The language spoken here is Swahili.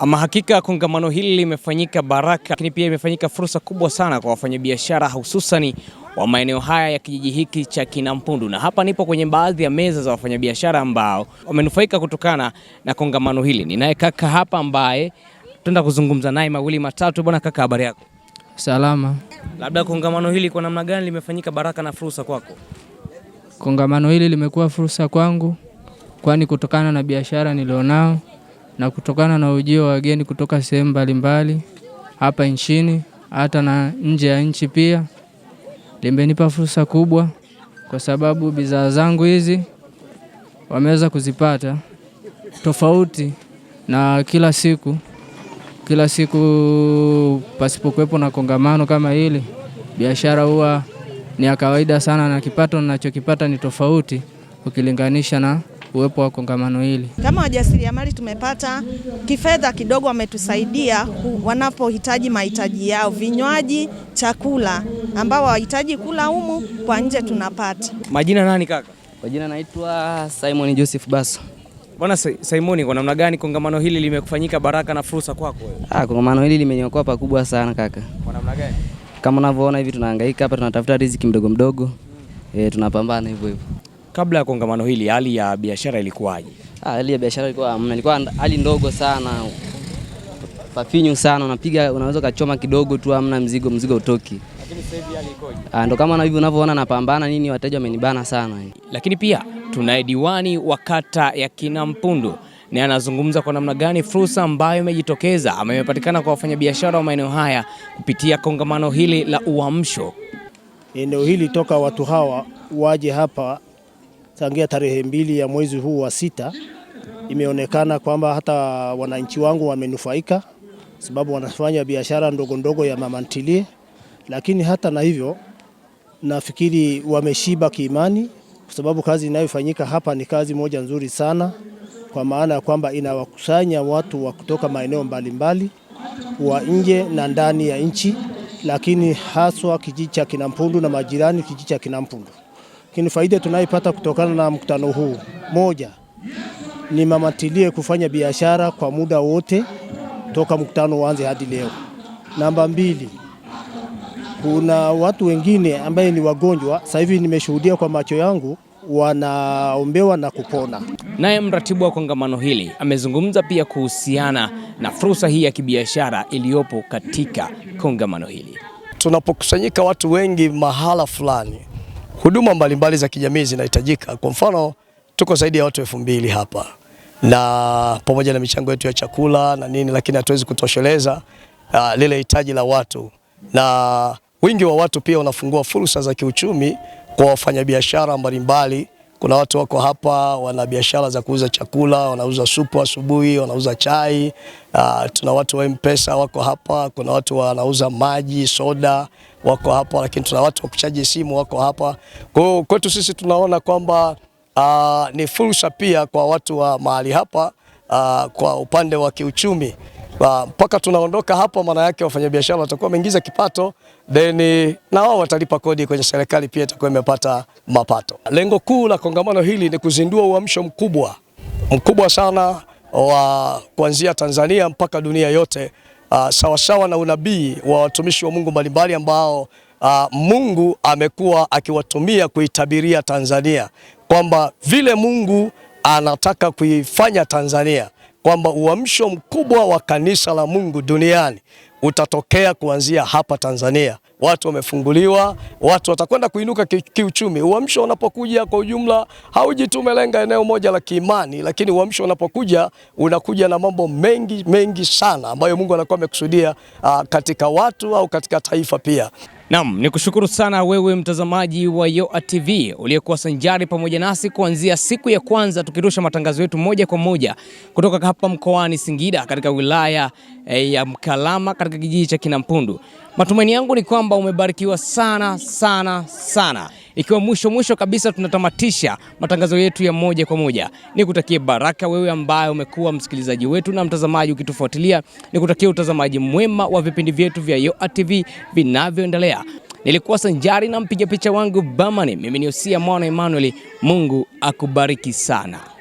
Ama hakika kongamano hili limefanyika baraka, lakini pia imefanyika fursa kubwa sana kwa wafanyabiashara hususani wa maeneo haya ya kijiji hiki cha Kinampundu, na hapa nipo kwenye baadhi ya meza za wafanyabiashara ambao wamenufaika kutokana na kongamano hili. Ninaye kaka hapa ambaye tutaenda kuzungumza naye mawili matatu. Bwana kaka, habari yako? Salama. Labda kongamano hili kwa namna gani limefanyika baraka na fursa kwako? Kongamano hili limekuwa fursa kwangu, kwani kutokana na biashara nilionao na kutokana na ujio wa wageni kutoka sehemu mbalimbali hapa nchini hata na nje ya nchi pia limenipa fursa kubwa, kwa sababu bidhaa zangu hizi wameweza kuzipata tofauti na kila siku kila siku pasipokuwepo na kongamano kama hili, biashara huwa ni ya kawaida sana, na kipato ninachokipata ni tofauti ukilinganisha na uwepo wa kongamano hili. Kama wajasiriamali tumepata kifedha kidogo, wametusaidia wanapohitaji mahitaji yao, vinywaji, chakula ambao wahitaji kula humu kwa nje tunapata. Majina nani kaka? Kwa jina naitwa Simon Joseph Baso. Bwana Simoni, kwa namna gani kongamano hili limekufanyika baraka na fursa kwako wewe? Ah, kongamano hili limeniokoa pakubwa sana kaka. Kwa namna gani? Kama unavyoona hivi tunahangaika hapa, tunatafuta riziki mdogo mdogo. Mm. E, tunapambana hivyo hivyo. Kabla ya kongamano hili hali ya biashara ilikuwaje? Ah, hali ya biashara ilikuwa mm, ilikuwa hali ndogo sana, pafinyu sana, unapiga unaweza ukachoma kidogo tu, amna mzigo, mzigo utoki. Lakini sasa hivi hali ikoje? Ah, ndo kama na hivi unavyoona, napambana nini, wateja wamenibana sana. Lakini pia tunaye diwani wa kata ya Kinampundu na anazungumza kwa namna gani fursa ambayo imejitokeza ama imepatikana kwa wafanyabiashara wa maeneo haya kupitia kongamano hili la Uamsho. Eneo hili toka watu hawa waje hapa tangia tarehe mbili ya mwezi huu wa sita imeonekana kwamba hata wananchi wangu wamenufaika, sababu wanafanya biashara ndogo ndogo ya mama ntilie, lakini hata na hivyo nafikiri wameshiba kiimani, kwa sababu kazi inayofanyika hapa ni kazi moja nzuri sana, kwa maana ya kwamba inawakusanya watu wa kutoka maeneo mbalimbali wa nje na ndani ya nchi, lakini haswa kijiji cha Kinampundu na majirani kijiji cha Kinampundu. Lakini faida tunayopata kutokana na mkutano huu, moja ni mama ntilie kufanya biashara kwa muda wote toka mkutano uanze hadi leo. Namba mbili, kuna watu wengine ambaye ni wagonjwa sasa hivi nimeshuhudia kwa macho yangu wanaombewa na kupona. Naye mratibu wa kongamano hili amezungumza pia kuhusiana na fursa hii ya kibiashara iliyopo katika kongamano hili. Tunapokusanyika watu wengi mahala fulani, huduma mbalimbali za kijamii zinahitajika. Kwa mfano, tuko zaidi ya watu elfu mbili hapa na pamoja na michango yetu ya chakula na nini, lakini hatuwezi kutosheleza uh, lile hitaji la watu, na wingi wa watu pia unafungua fursa za kiuchumi kwa wafanyabiashara mbalimbali kuna watu wako hapa wana biashara za kuuza chakula, wanauza supu asubuhi, wanauza chai. Uh, tuna watu wa Mpesa wako hapa, kuna watu wanauza maji, soda wako hapa, lakini tuna watu wa kuchaji simu wako hapa. Kwa hiyo kwetu sisi tunaona kwamba uh, ni fursa pia kwa watu wa mahali hapa uh, kwa upande wa kiuchumi Ah, mpaka tunaondoka hapo, maana yake wafanyabiashara watakuwa wameingiza kipato then na wao watalipa kodi kwenye serikali, pia itakuwa imepata mapato. Lengo kuu la kongamano hili ni kuzindua uamsho mkubwa mkubwa sana wa kuanzia Tanzania mpaka dunia yote, uh, ah, sawasawa na unabii wa watumishi wa Mungu mbalimbali ambao uh, Mungu amekuwa akiwatumia kuitabiria Tanzania kwamba vile Mungu anataka kuifanya Tanzania kwamba uamsho mkubwa wa kanisa la Mungu duniani utatokea kuanzia hapa Tanzania. Watu wamefunguliwa, watu watakwenda kuinuka kiuchumi. Uamsho unapokuja kwa ujumla, hauji tu umelenga eneo moja la kiimani, lakini uamsho unapokuja unakuja na mambo mengi mengi sana ambayo Mungu anakuwa amekusudia ah, katika watu au katika taifa pia. Naam, ni kushukuru sana wewe mtazamaji wa Yoa TV uliyekuwa sanjari pamoja nasi kuanzia siku ya kwanza tukirusha matangazo yetu moja kwa moja kutoka hapa mkoani Singida katika wilaya eh, ya Mkalama katika kijiji cha Kinampundu. Matumaini yangu ni kwamba umebarikiwa sana sana sana. Ikiwa mwisho mwisho kabisa tunatamatisha matangazo yetu ya moja kwa moja, nikutakie baraka wewe ambaye umekuwa msikilizaji wetu na mtazamaji ukitufuatilia, nikutakie utazamaji mwema wa vipindi vyetu vya Yoa TV vinavyoendelea. Nilikuwa sanjari na mpiga picha wangu Bamani, mimi ni Osia Mwana Emmanuel. Mungu akubariki sana.